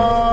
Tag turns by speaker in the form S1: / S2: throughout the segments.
S1: Oh.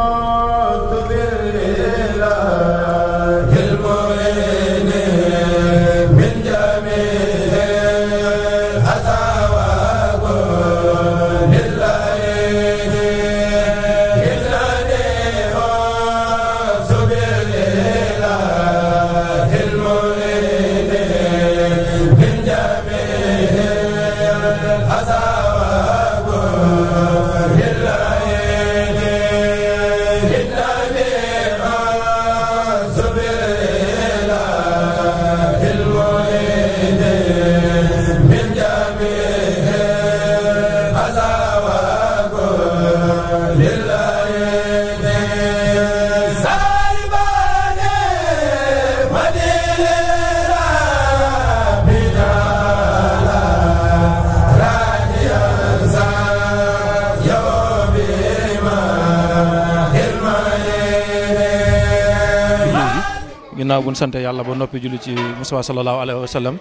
S1: ginnaaw bu ñu sant yàlla ba noppi julli ci Mustafa sallallahu alayhi wa sallam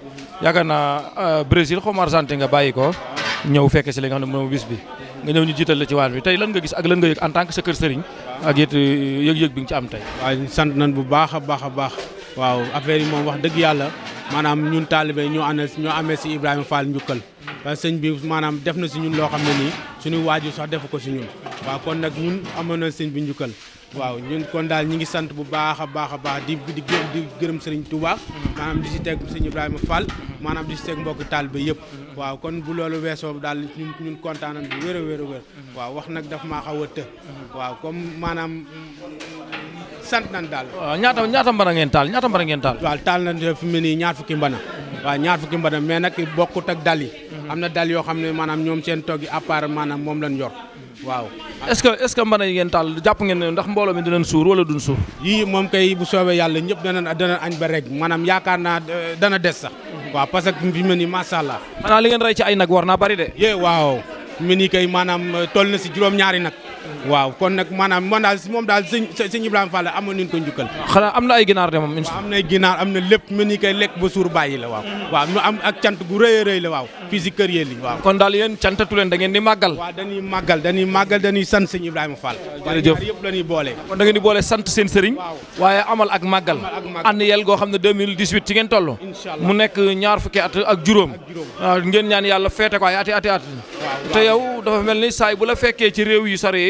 S1: yaakaar naa euh, Brésil xaw ma Argentine nga bàyyi ko ñëw fekke si li nga xam ne moom bis bi nga ñëw ñu jiital la ci waan bi tey lan nga gis ak lan nga yëg en tant sa kër sëriñ ak it euh, yëg-yëg bi ci am tey waaw sant nañ bu baax a baax a baax
S2: waaw affaire yi moom wax dëgg yàlla maanaam ñun taalibe ñoo amee si Ibrahima Fall njukkal parce sëñ bi maanaam def na si ñun loo xam ne nii suñu waajur sax waaw ñun kon daal ñu ngi sant bu baax a baax a baax di di gërëm di gërëm Serigne Touba maanaam di si teg Serigne Ibrahima Fall maanaam di si teg mbokk taalibe yëpp waaw kon bu loolu weesoo daal ñun ñun kontaan nañ bu wér a wér a wér waaw wax nag dafa maa xaw a të waaw comme maanaam sant nañ daal
S1: waaw ñaata ñaata mbana ngeen taal ñaata mbana
S2: ngeen taal waaw taal nañ fi mu ne nii ñaar mbana waaw ñaar fukki mbana mais nag bokkut ak dal yi am na dal yoo xam ne maanaam ñoom seen toggi à part maanaam moom lañ yor waaw est-ce que est-ce que mën nañu ngeen taal jàpp ngeen ndax mbooloo mi dinañ suur wala duñ suur. yii moom kay bu soobee yàlla ñëpp dana dana añ ba rek maanaam yaakaar naa eh, dana des sax. waaw parce que fi mu ne nii macha allah.
S1: maanaam li ngeen rey ci
S2: ay nag war naa bari de. yee waaw fi mu ne kay maanaam eh, toll na si juróom-ñaari nag. waaw kon nag maanaam man daal moom daal sëñ sëñ Ibrahima Fall amoon nañu ko njukkal. xanaa am na ay ginaar de moom. am na am na lépp mën ni koy lekk ba suur bàyyi la waaw. Mm. waaw am ak cant gu rëy a la waaw. fii si kër yéen waaw. kon daal yéen cantatu leen di màggal. waaw màggal dañuy sant seen
S1: sëriñ. waaye amal ak màggal. ànd yel goo xam ne 2018 ci ngeen toll. mu nekk ñaar fukki at ak juróom. ngeen ñaan yàlla feete ko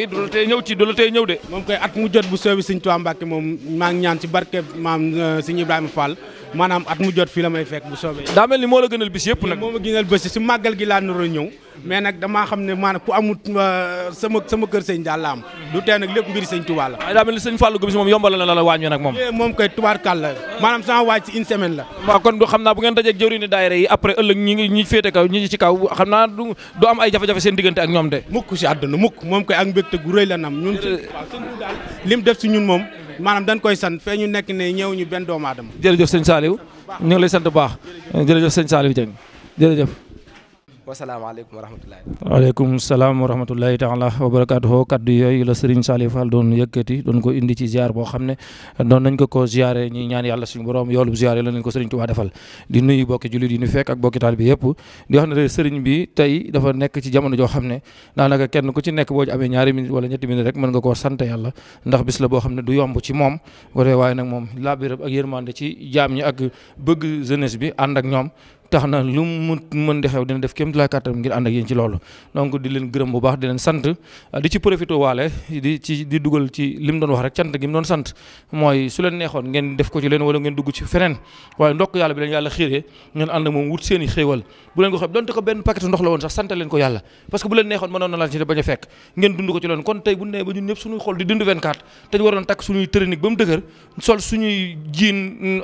S1: yi du la tee ñëw ci du la tee ñëw de
S2: moom koy at mu jot bu soobee Sëñ Tuubaa Mbàkke moom maa ngi ñaan ci barke maam euh, Sëñ Ibrahima Fall maanaam at mu jot fii la may fekk bu soobee. daa ni moo la gënal bis yëpp nag. moo ma gënal bés si màggal gi laa naroon ñëw. mais nag damaa xam ne maanaam ku amut euh, sama kër sëñ daal la am.
S1: du tee nag lépp mbiri sëñ Tuubaa la. waaye daa mel ni sëñ Fallou Gomis moom yombal na la la wàññi nag moom. Eh, moom kay tubaarkàll la maanaam sama waaj si une semaine la. waaw kon xam naa bu ngeen dajeeg jëwriñu daayira yi après ëllëg ñi ngi kaw ñi ci kaw xam naa du am ay jafe-jafe seen diggante ñoom de. mukk si àdduna mukk moom kay eh.
S2: def si ñun moom maanaam dañ koy sant fee ñu nekk ne ñëw ñu benn doomu aadama.
S1: jërëjëf sëñ Saliou ñu ngi lay sant bu baax jërëjëf sëñ Saliou Dieng jërëjëf. wasalaamaaleykum wa rahmatulah. waaleykum salaam wa rahmatulahi taala wa barakaatuhu kaddu yooyu la Serigne Saliou Fall doon yëkkati doon ko indi ci ziar boo xam ne doon nañ ko ko ziare ñi ñaan yàlla suñu borom yoolub ziare la nañ ko Serigne Touba defal di nuyu bokki jullit yi ñu fekk ak bokki taal bi yëpp di wax ne Serigne bi tey dafa nekk ci jamono joo xam ne daanaka kenn ku ci nekk boo ci amee ñaari minute wala ñetti minute rek mën nga koo sant yàlla ndax bis la boo xam ne du yomb ci moom waaye nag moom laabirab ak yërmande ci jaam ñi ak bëgg jeunesse bi ànd ñoom tax na lu mu mën di xew dina def kéem tolluwaay kàttan ngir ànd ak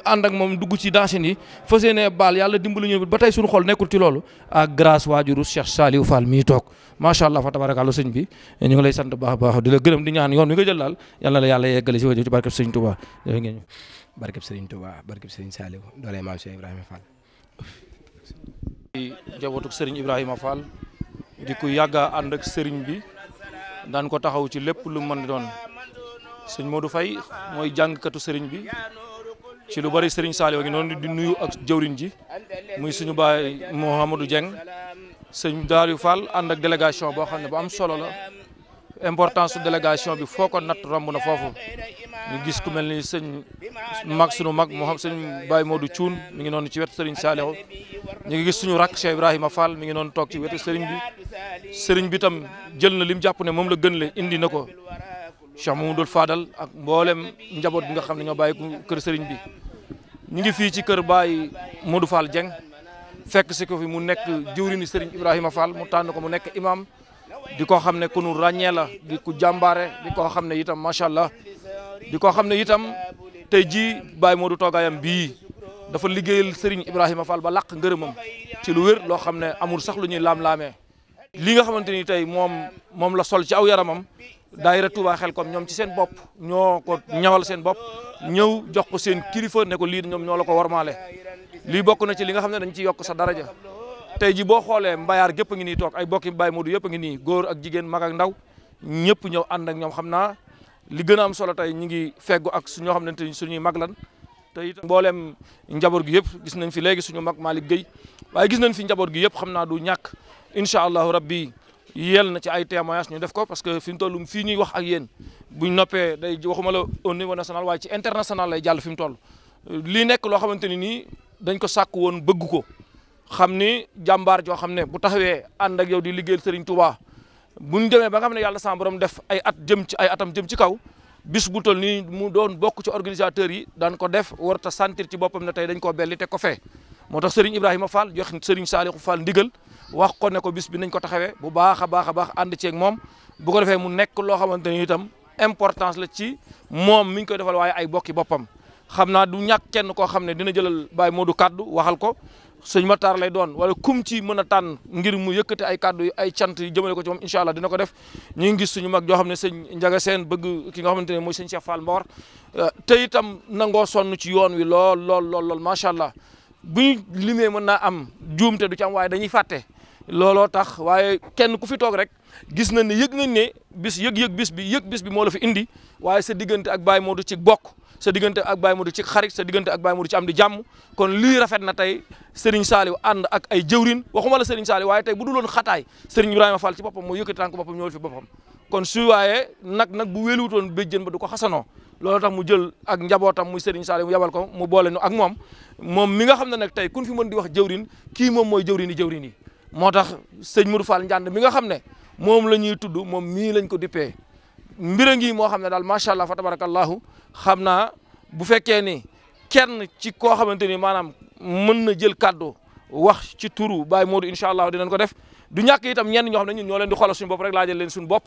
S1: ànd ak moom dugg ci dansine yi fas yéene baal yàlla dimbali ñu ba tay suñu xol nekul ci lolu ak ah, grâce wajuru Cheikh salihou Fall tok ma sha allah fa tabarakallah sëñ bi ñu ngi lay sante baax baax di la gërëm di ñaan yoon mi nga jël dal yalla la yalla yeggal ci wajju ci barke sëñ Touba jërë ngeen
S2: barke sëñ Touba barkeb sëñ Saliou Cheikh Ibrahima Fall
S1: Ibrahima Fall di ku yaga and ak bi dan ko taxaw ci lepp lu mën doon sëñ Modou moy jang bi ci lu bari wagenon salew ngi non di nuyu ak jëwriñ ji muy suñu baay Mouhamadou Dieng sëñ yu Fall ànd ak délégation boo xam ne bu am solo la importance su bi foo ko natt romb na foofu ñu gis ku mel ni sëñ mag suñu mag moo xam sëñ Baye Modou Thioune mi ngi noonu ci wetu Serigne Saliou ñu ngi gis suñu rakk Cheikh Ibrahima Fall mi ngi noonu toog ci wetu Serigne bi Serigne bi tam jël na lim jàpp ne moom la gën le indi na ko Cheikh Mamadou Fadal ak mboolem njaboot bi nga xam ne ñoo bàyyi kër sëriñ bi. ñu ngi fii ci kër Baye Modou Fall Dieng fekk si ko fi mu nekk jëwriñu Serigne Ibrahima Fall mu tànn ko mu nekk imam di ko xam ne ku nu ràññee la di ku jàmbaare di ko xam ne itam macha allah di ko xam ne itam tey jii Baye Modou toogaayam bii dafa liggéeyal Serigne Ibrahima Fall ba làq ngërëmam ci lu wér loo xam ne amul sax lu ñuy laam-laamee. li nga xamante ni tey moom moom la sol ci aw yaramam daayira Touba Xelkom ñoom si seen bopp ñoo ko ñawal seen bopp ñëw jox ko seen kilifa ne ko lii ñoom ñoo la ko war warmaale lii bokk na ci li nga xam ne dañ ci yokk sa daraja tey ji boo xoolee mbayaar gépp ngi ni toog ay bokki mbay Modou yëpp a ngi ni góor ak jigéen mag ak ndaw ñëpp ñëw ànd ak ñoom xam naa li gën a am solo tey ñu ngi feggu ak ñoo xam ne suñuy mag lan te itam mboolem njaboot gi yëpp gis nañ fi léegi suñu mag Malick Gueye waaye gis nañ fi njaboot gi yëpp xam naa du ñàkk incha allahu rabbi yel na ci ay témoignage ñu def ko parce que fim tollu fi ñuy wax ak yéen buñ noppé day waxuma la au niveau national way ci international lay jall fim tollu li nekk loo ni dañ ko sakku won bëgg ko xamni jambar jo xamne bu taxawé and ak yow di liggéey Serigne Touba buñ démé ba nga xamne yalla sa borom def ay at jëm ci ay atam jëm ci kaw bis bu toll ni mu doon bok ci organisateur yi daan ko def warut ta sentir ci bopam na tay dañ ko belli té ko fé motax Serigne Ibrahima Fall jox Serigne Saliou Fall ndigal wax ko ne ko bis bi nañ ko taxawee bu baax a baax a baax ànd ceeg moom bu ko defee mu nekk loo xamante ni itam importance la ci moom mi ñu koy defal waaye ay bokki boppam xam naa du ñàkk kenn koo xam ne dina jëlal baay moo du kaddu waxal ko sëñ ma taar lay doon wala kum ci mën a tànn ngir mu yëkkati ay kaddu yi ay cant yi jëmale ko ci moom incha allah dina ko def ñu ngi gis suñu mag joo xam ne sëñ Ndiaga Sène bëgg ki nga xamante ne mooy sëñ Cheikh Fall Mbor euh, te itam nangoo sonn ci yoon wi lool lool lool lool macha allah bu ñu limee mën naa am juumte du ci am waaye dañuy fàtte. looloo tax waaye kenn ku fi toog rek gis nañ ne yëg nañ ne bis yëg-yëg bis bi yëg bis bi moo la fi indi waaye sa diggante ak baay Modou ci bokk sa diggante ak Baye Modou ci xarit sa diggante ak Baye Modou ci am di jàmm kon lii rafet na tey Serigne saali ànd ak ay jëwrin waxuma la Serigne Saliou waaye tey bu duloon xataay Serigne Ibrahima Fall ci boppam moo yëkkati tànk boppam ñëwal fi boppam kon su waaye nag nag bu wéluwutoon béjjën ba du ko xasanoo loolu tax mu jël ak njabootam muy Serigne Saliou mu yabal ko mu boole nu ak moom moom mi nga xam ne nag tey kun fi mën di wax jëwrin kii moom mooy jëwrin yi yi moo tax sëñ Modou Fall Ndiand mi nga xam ne moom la ñuy tudd moom mii lañ ko dippee mbir a ngi moo xam ne daal macha allah fa tabarakallahu xam naa bu fekkee ni kenn ci koo xamante ni maanaam mën na jël kaddu wax ci turu Baye Modou incha allah dinañ ko def du ñàkk itam ñenn ñoo xam ne ñun ñoo leen di xoolal suñu bopp rek laajal leen suñu bopp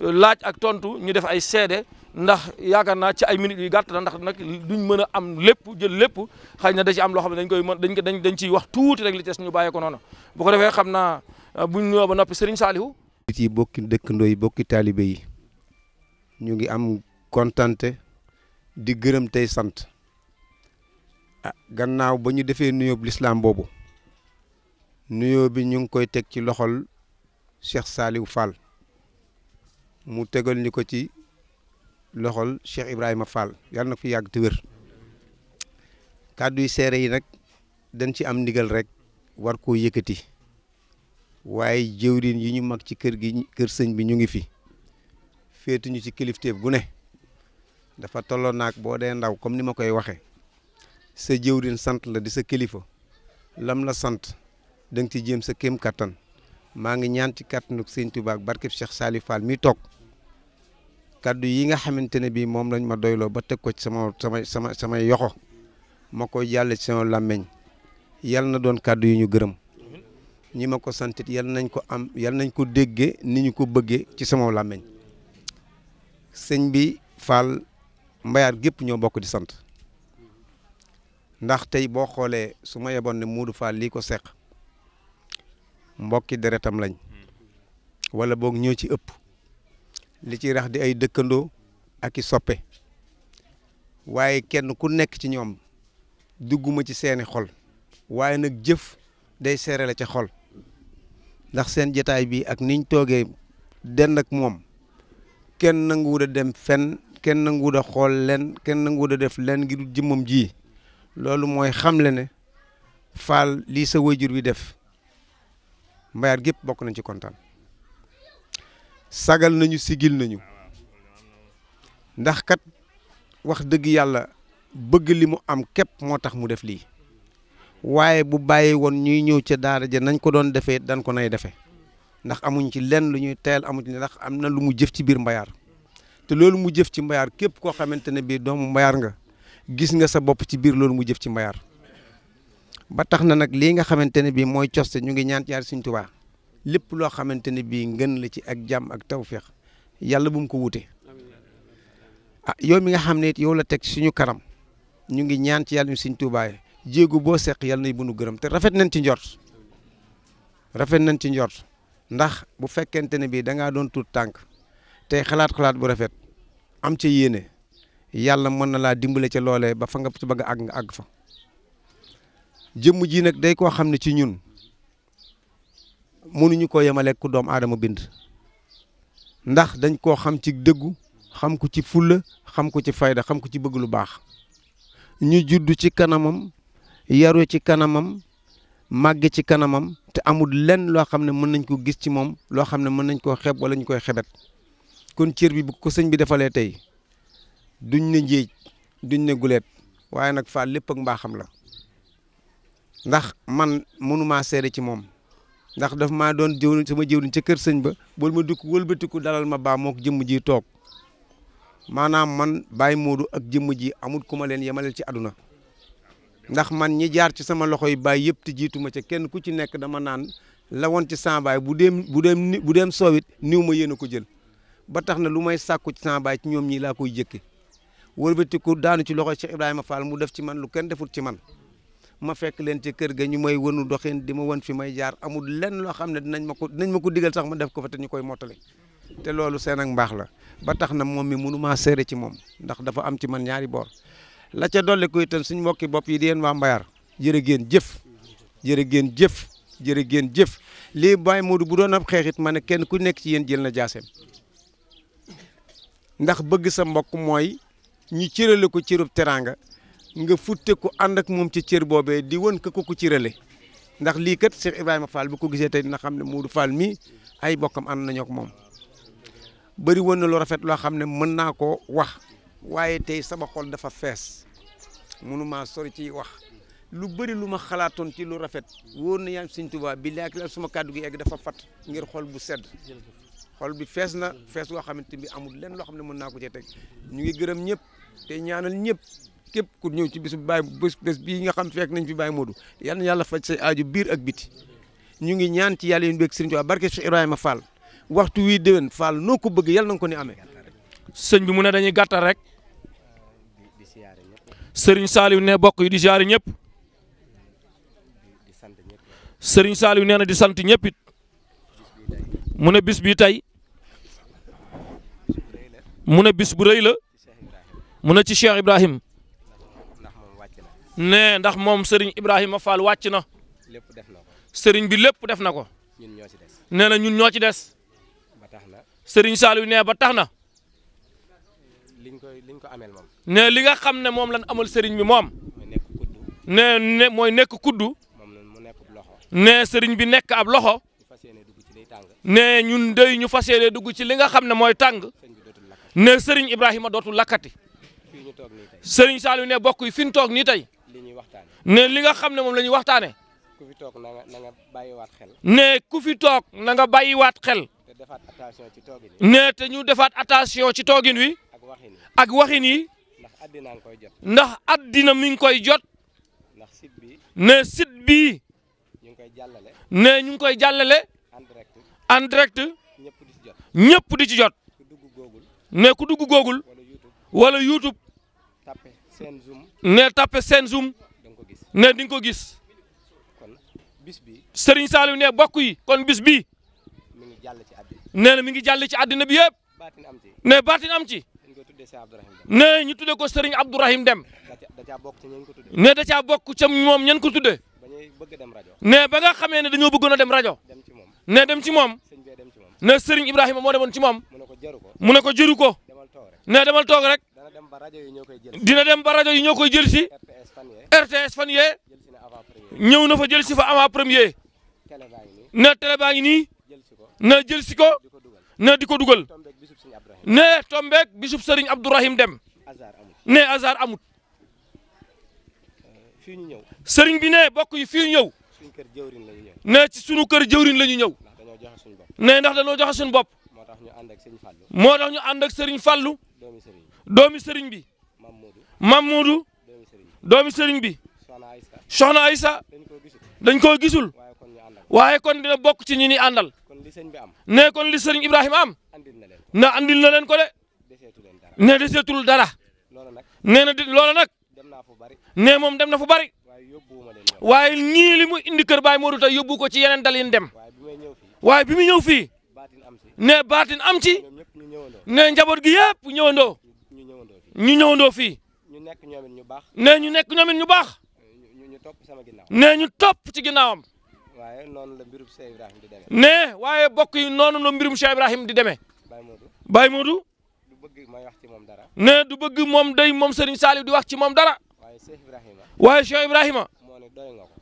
S1: laaj ak tontu ñu def ay seede. ndax yaakaar naa ci ay minutes yu gàtt la ndax nag duñ mën a am lépp jël lépp xëy na da ci am loxo xam dañ koy mën dañ ko dañ dañ ciy wax tuuti rek li des ñu bàyyee ko noonu bu ko xam naa euh, buñ ñëw ba noppi Serigne Saliou.
S3: ci bokki dëkkandoo yi bokki taalibe yi ñu ngi am kontante di gërëm tey sant ah, gannaaw ba ñu defee nuyoo lislaam boobu nuyoo bi ñu ngi koy teg ci loxol Cheikh Saliou Fall mu tegal ñu ko ci. loxol Cheikh Ibrahima Fall yàlla na fi yàgg te wér kàddu yu seere yi nag dañ ci am ndigal rek war ko yëkkati waaye jëwriñ yi ñu mag ci kër gi kër sëñ bi ñu ngi fi féetu ñu ci kilifteef gu ne dafa tolloo naag boo dee ndaw comme ni ma koy waxe sa jëwriñ sant la di sa kilifa lam la sant da nga ci sa kem kattan maa ngi ñaan ci kattanu sëñ Tuubaa ak barkeb Cheikh Salif Fall mi toog kaddu yi nga xamante ne bii moom lañu ma doyloo ba teg ko ci sama sama sama yoxo ma ko jàll ci sama làmmeñ yal na doon kàddu yi ñu gërëm ñi ma ko santit yal nañ ko am yal nañ ko déggee ni ñu ko bëggee ci sama làmmeñ sëñ bi Fall mbayaat gépp ñoo bokk di sant ndax tey boo xoolee su ma yeboon ne muudu Fall lii ko seq mbokki deretam lañ wala boog ñoo ci ëpp li ci rax di ay dëkkandoo ak i soppe waaye kenn ku nekk ci ñoom dugguma ci seeni xol waaye nag jëf day seere la ca xol ndax seen jataay bi ak niñ toogee dend ak moom kenn nanguwul a dem fenn kenn nanguwul a xool leen kenn nanguwul a def leen ngir jëmmam ji loolu mooy xamle ne faal lii sa wayjur wi def mbayaat gépp bokk nañ ci kontaan sagal nañu sigil nañu ndax kat wax dëgg yàlla bëgg li mu am képp moo tax mu def lii waaye bu bàyyi woon ñuy ñëw ca daara ja nañ ko doon defee dañ ko nay defee ndax amuñ ci lenn lu ñuy teel amuñ ci ndax am na lu mu jëf ci biir mbayaar te loolu mu jëf ci mbayaar képp koo xamante ne bii doomu mbayaar nga gis nga sa bopp ci biir loolu mu jëf ci mbayaar ba tax na nag lii nga xamante ne bii mooy coste ñu ngi ñaan yaar suñ tubaa lépp loo xamante ni bii ngën la ci ak jàmm ak tew tawféex yàlla bu mu ko wute a ah, yow mi nga xam ne yow la teg ci suñu kanam ñu ngi ñaan ci yàlla suñ tuubaay jéegu boo seq yàlla bu nu gërëm te rafet nañ ci njort rafet nañ ci njort ndax bu fekkente ne bii da ngaa doon tuut tànk tey xalaat xalaat bu rafet am ci yéene yàlla mën na laa dimbale ca loole ba fa nga ci bëgg a àgg nga àgg fa jëmm ji nag day koo xam ne ci ñun. mënuñu ko yemaleeg ku doom aadama bind ndax dañ koo xam ci dëggu xam ko ci fulla xam ko ci fayda xam ko ci bëgg lu baax ñu judd ci kanamam yaru ci kanamam màgge ci kanamam te amul lenn loo xam ne mën nañ koo gis ci moom loo xam ne mën nañ koo xeb wala ñu koy xebet kon cër bi bu ko sëñ bi defalee tey duñ ne njéej duñ ne guleet waaye nag fa lépp ak mbaaxam la ndax man mënuma seede ci moom ndax daf maa doon jëwriñ sama jëwriñ ca kër sëñ ba bul ma dikk wëlbatiku dalal ma baa mook jëmm ji toog maanaam man Baye Modou ak jëmm ji amul ku ma leen yemaleel ci àdduna ndax man ñi jaar ci sama loxo yi baay yëpp te jiitu ma ca kenn ku ci nekk dama naan la woon ci sama bu dem bu dem bu dem soowit niw ma yéen ko jël ba tax na lu may sakku ci sama ci ñoom ñii laa koy jëkke wëlbatiku daanu ci loxo Cheikh Ibrahima Fall mu def ci man lu kenn defut ci man ma fekk leen ci kër ga ñu may wënu doxin di ma wan fi may jaar amul lenn loo xam ne dinañ ma ko dinañ ma ko digal sax ma def ko fa te ñu koy mottali te loolu seen ak mbaax la ba tax na moom mi mënu maa seere ci moom ndax dafa am ci man ñaari boor la ca dolli koy itam suñ mbokki bopp yi di yen waa Mbayar jërë ngeen jëf jërë ngeen jëf jërë ngeen jëf lii Baye Modou bu doon ab xeexit ma ne kenn ku nekk ci yéen jël na jaaseem ndax bëgg sa mbokk mooy ñu cërale ko cërub teraanga nga ko ànd ak moom ci cër boobee di wën ko ku ci rële ndax lii kat Cheikh Ibrahima Fall bu ko gisee tey dina xam ne Modou faal mii ay bokkam ànd nañoo ko moom bari woon na lu rafet loo xam ne mën naa koo wax waaye tey sama xol dafa fees mënuma sori ci wax lu bëri lu ma xalaatoon ci lu rafet wóor na yaam Sëñ Tuubaa bi laak suma kàddu gi egg dafa fat ngir xol bu sedd xol bi fees na fees loo xamante bi amul leen loo xam ne mën naa ko ci teg ñu ngi gërëm ñëpp te ñaanal ñëpp kep ku ñew ci bisu bay bu bes bi nga xam fek nañ fi bay Modou yalla yalla fa ci aaju bir ak biti ñu ngi ñaan ci yalla yeen bekk
S1: Serigne Touba barke Cheikh Ibrahima Fall waxtu wi deewen Fall noko bëgg yalla nang ko ni amé serigne bi mu ne dañuy gattal rek Serigne Saliou ne bokk yu di ziare ñep Serigne Saliou neena di sant ñëpp it mu ne bis bi tay mu ne bis bu reey la mu ne ci Cheikh Ibrahim nee ndax moom sëriñ Ibrahima Fall wàcc na. lépp def na sëriñ bi lépp def na ko. ñun ñoo ci des. nee na ñun ñoo ci des. ba tax na. sëriñ Saliou nee ba tax na. liñ koy liñ ko ameel moom. nee li nga xam ne moom lañ amal sëriñ bi moom. mooy nee mooy nekk kuddu. moom mu nekk loxo. nee sëriñ bi nekk ab loxo. nee ñun dey ñu fas yéene dugg ci li nga xam ne mooy tàng. nee sëriñ Ibrahima dootul lakkati. sëriñ Saliou ne bokk yi fi ñu toog nii tey. ne li nga xam ne moom la ñuy waxtaane
S2: ku fi toog na nga na nga bàyyiwaat xel.
S1: ne ku fi toog na bàyyiwaat xel.
S2: te defaat ci toogin
S1: wi. ne te ñu defaat attention ci toogin wi. ak waxin yi ak waxin yi.
S2: ndax addina ngi koy jot.
S1: ndax addina mi ngi koy jot. ndax site bi. ne site ñu ngi koy jàllale. ne ñu ngi koy jàllale. en direct. en ñëpp di ci jot. ñëpp di ci jot. ku ne ku dugg googul. wala YouTube. ne tappe seen zoom ne di nga ko gis Serigne Saliou ne bokk yi kon bis bii nee na mi ngi jàll ci àddina bi yëpp ne baatin am ci ne ñu tudde ko Serigne Abdourahim Dem nee da caa bokk ca moom ñan ko tudde ne ba nga xamee ne dañoo bëggoon na dem rajo ne dem ci moom ne Serigne Ibrahima moo demoon ci moom mu ne ko jëru ko ne demal toog rek dina dem ba rajo yi ñoo koy jël dina dem ba yi ñoo koy jël si RTS fan yee ñëw na fa jël si fa avant premier ne télé baa ngi nii na jël si ko na di ko dugal ne tombeek bisub Serigne Abdourahim Dem ne hasard amut euh, sëriñ bi ne bokk yi fii ñëw ne ci sunu kër jëwrin la ñu ñëw ndax dañoo joxe suñu bopp mo tax ñu sering ak Serigne fallu doomi Serigne bi Mamoudou doomi Serigne bi Soxna Aïssa dañ ko gisul waye kon dina bokk ci ñi ne kon li Serigne ibrahim am na andil na len ko de ne desetul dara ne na loola ne mom dem na fu bari waaye ñii li mu indi keur baay Modou tey yobbu ko ci dem waaye bi muy ñew fi ne baatin am ci ne njaboot gi yëpp ñëwandoo ñu ñëwandoo fii ne ñu nekk ñoom it ñu baax ne ñu topp ci ginnaawam ne waaye bokk yi noonu la mbirum Cheikh Ibrahim di demee Baye Modou ne du bëgg moom day moom Serigne Saliou di wax ci moom dara waaye Cheikh Ibrahima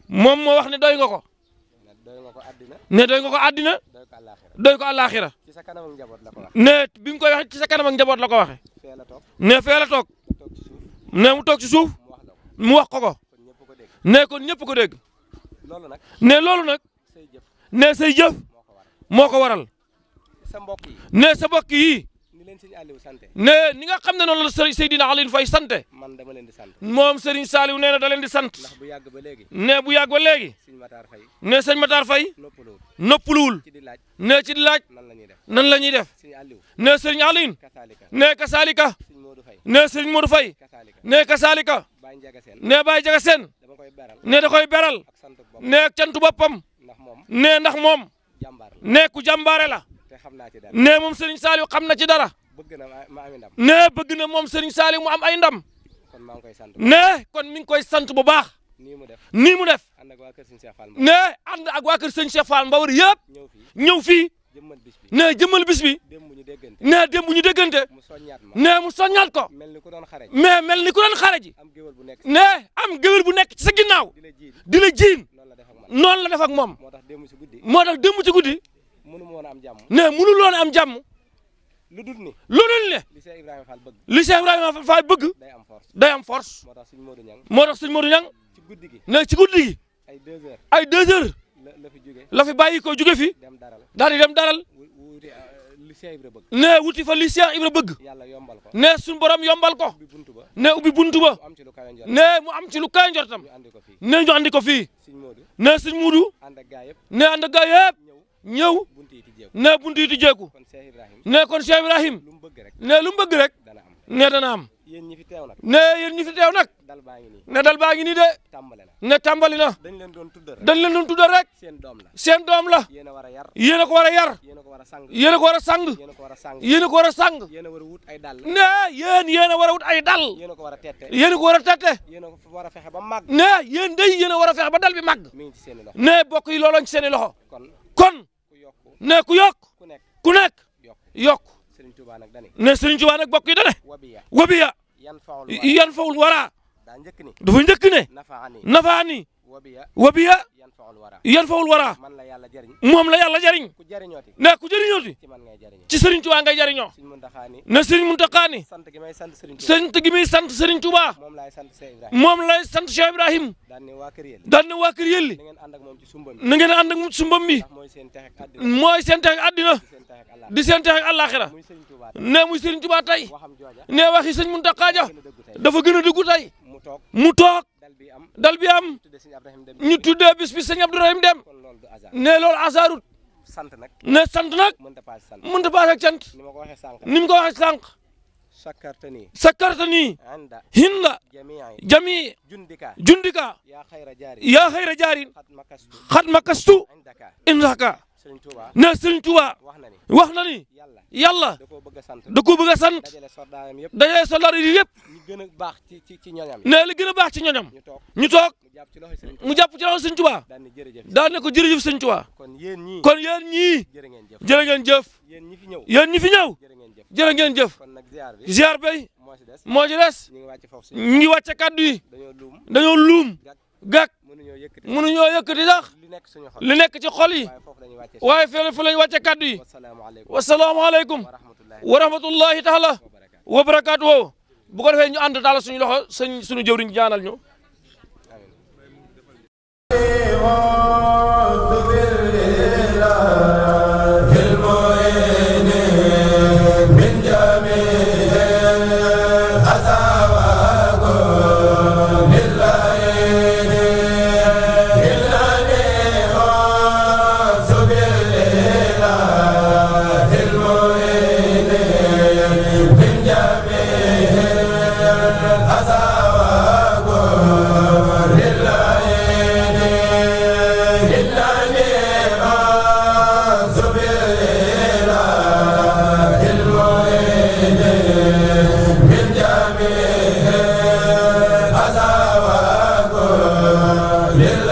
S1: moom moo wax ne doy nga ko. doy nga ko àddina ne doy nga ko àddina doy ko àllaaxira ne bi nga koy waxee ci sa kanam ak njaboot la ko waxee ne fee la toog ne mu toog ci suuf mu wax ko ko ne kon ñëpp ko dégg ne loolu nag ne say jëf moo ko waral ne sa mbokk yi leen sëriñ Aliou sante ne ni nga xam ne noonu la sëriñ Seydina Aliou Faye sante man dama leen di sant moom sëriñ Saliou nee na da leen di sant ndax
S2: bu yàgg ba léegi
S1: ne bu yàgg ba léegi sëriñ Matar Faye ne sëriñ Matar Faye noppaluwul noppaluwul ci di laaj ne ci di laaj la ñuy def nan la ñuy def sëriñ Aliou ne sëriñ Aliou kasaalika ne kasaalika sëriñ Modou Faye ne sëriñ Modou Faye ne kasaalika Baye Njaga Seen ne Baye Njaga Seen ne da koy beral ne ak cantu boppam ne ndax moom ne ku jàmbaare la ne moom sëriñ Saliou xam na ci dara bëgg na ma am ndam ne bëgg na moom Serigne Saliou mu am ay ndam kon maa ngi koy sant ne kon mi ngi koy sant bu baax nii mu def nii mu def ànd ak waa kër Serigne Cheikh Fall ne ànd ak waa kër Serigne Cheikh Fall Mbawar yëpp ñëw fii jëmmal bis bi ne jëmmal bis bi ne démb ñu déggante mu soññaat ma ne mu soññaat ko mel ni ku doon xare mais mel ni ku doon xare am géwél bu nekk ne am géwél bu nekk sa ginnaaw di la jiin noonu la def ak moom moo tax démb ci guddi mënu woon a am jàmm ne mënu loon am jàmm lu dul ni ne. li Cheikh Ibrahima Fall bëgg. li Cheikh Ibrahima bëgg. day am force day am force. moo tax suñu Modou Niang. moo tax suñu Modou Niang. ci guddi gi ne ci guddi gi. ay deux heures ay deux heures. la fi jóge la fi bàyyi ko jóge fi. dem daral daal di dem daral. wuti ah, li Cheikh ne wuti fa li Cheikh Ibra bëgg. yàlla yombal ko ne suñu borom yombal ko. ubbi buntu ba ne ubbi buntu ba. am ci lu kawe njortam ne mu am ci lu kawe njortam. ñu ko fii ne ñu andi ko fii. suñu Modou ne suñu Modou. ànd ak gaa yëpp ne ànd ak ñew ne buntu yi tijjeeku ne kon Cheikh Ibrahim ne lu mbeug rek ne dana am ne yeen ñi fi tew nak ne dal baangi ni de ne tambalina
S2: dañ leen doon tuddal
S1: rek seen dom la yéen a ko war a yar yéen a ko wara sang yéen a ko wara a sang ne yeen yéen wara war a wut ay dal yeen a ko war a tette ne yeen dey yeen wara war ba dal bi mag ne bokk yi lolo ci seen i loxo kon ne ku yokk ku nekk yokk ne Serigne Touba nag bokk yi dane wabiya yan fawul wara dafa njëkk ne nafaani wabiya yan fawul wara moom la yàlla jariñ ne ku jëriñooti ci Serigne Touba jariñoo ne Serigne Mountakha ni sant gi may sant Serigne Touba moom lay sant Cheikh Ibrahim daan ne waa kër yelli na ngeen
S2: ànd ak moom ci sumbam mi mooy seen
S1: texe ak àddina di seen texe ak àllaaxira ne muy Serigne Touba tey ne waxi dafa gën a dëggu mu toog dal bi am ñu tuddee bis bi sëñ Abdourahim dem ne loolu asaarut
S2: sant nag ne sant nag mënta paase ak cant ni mu ko waxee sànq. سكرتني سكرتني عند هند جميع جميع جندك جندك يا خير
S1: جاري يا خير جاري قد مكست عندك عندك ne Serigne Touba wax na ni yàlla da koo bëgg a sant dajale soldaar yi yëpp ne li gën a baax ci ñoñam ñu toog mu jàpp ci loxo Serigne Touba daan ne ko jërëjëf Serigne Touba kon yéen ñii jërë ngeen jëf yéen ñi fi ñëw jërë ngeen jëf ziar bay moo ci des ñu ngi wàcce kàddu yi dañoo luum gàkk mënuñoo yëkkati sax li nekk ci xol yi waaye fële fu lañ wàcce kàddu yi wasalaamaaleykum wa rahmatullahi taala wa barakaatu woo bu ko defee ñu ànd taala suñu loxo sëñ suñu jëwriñ ñaanal ñu
S2: Amen.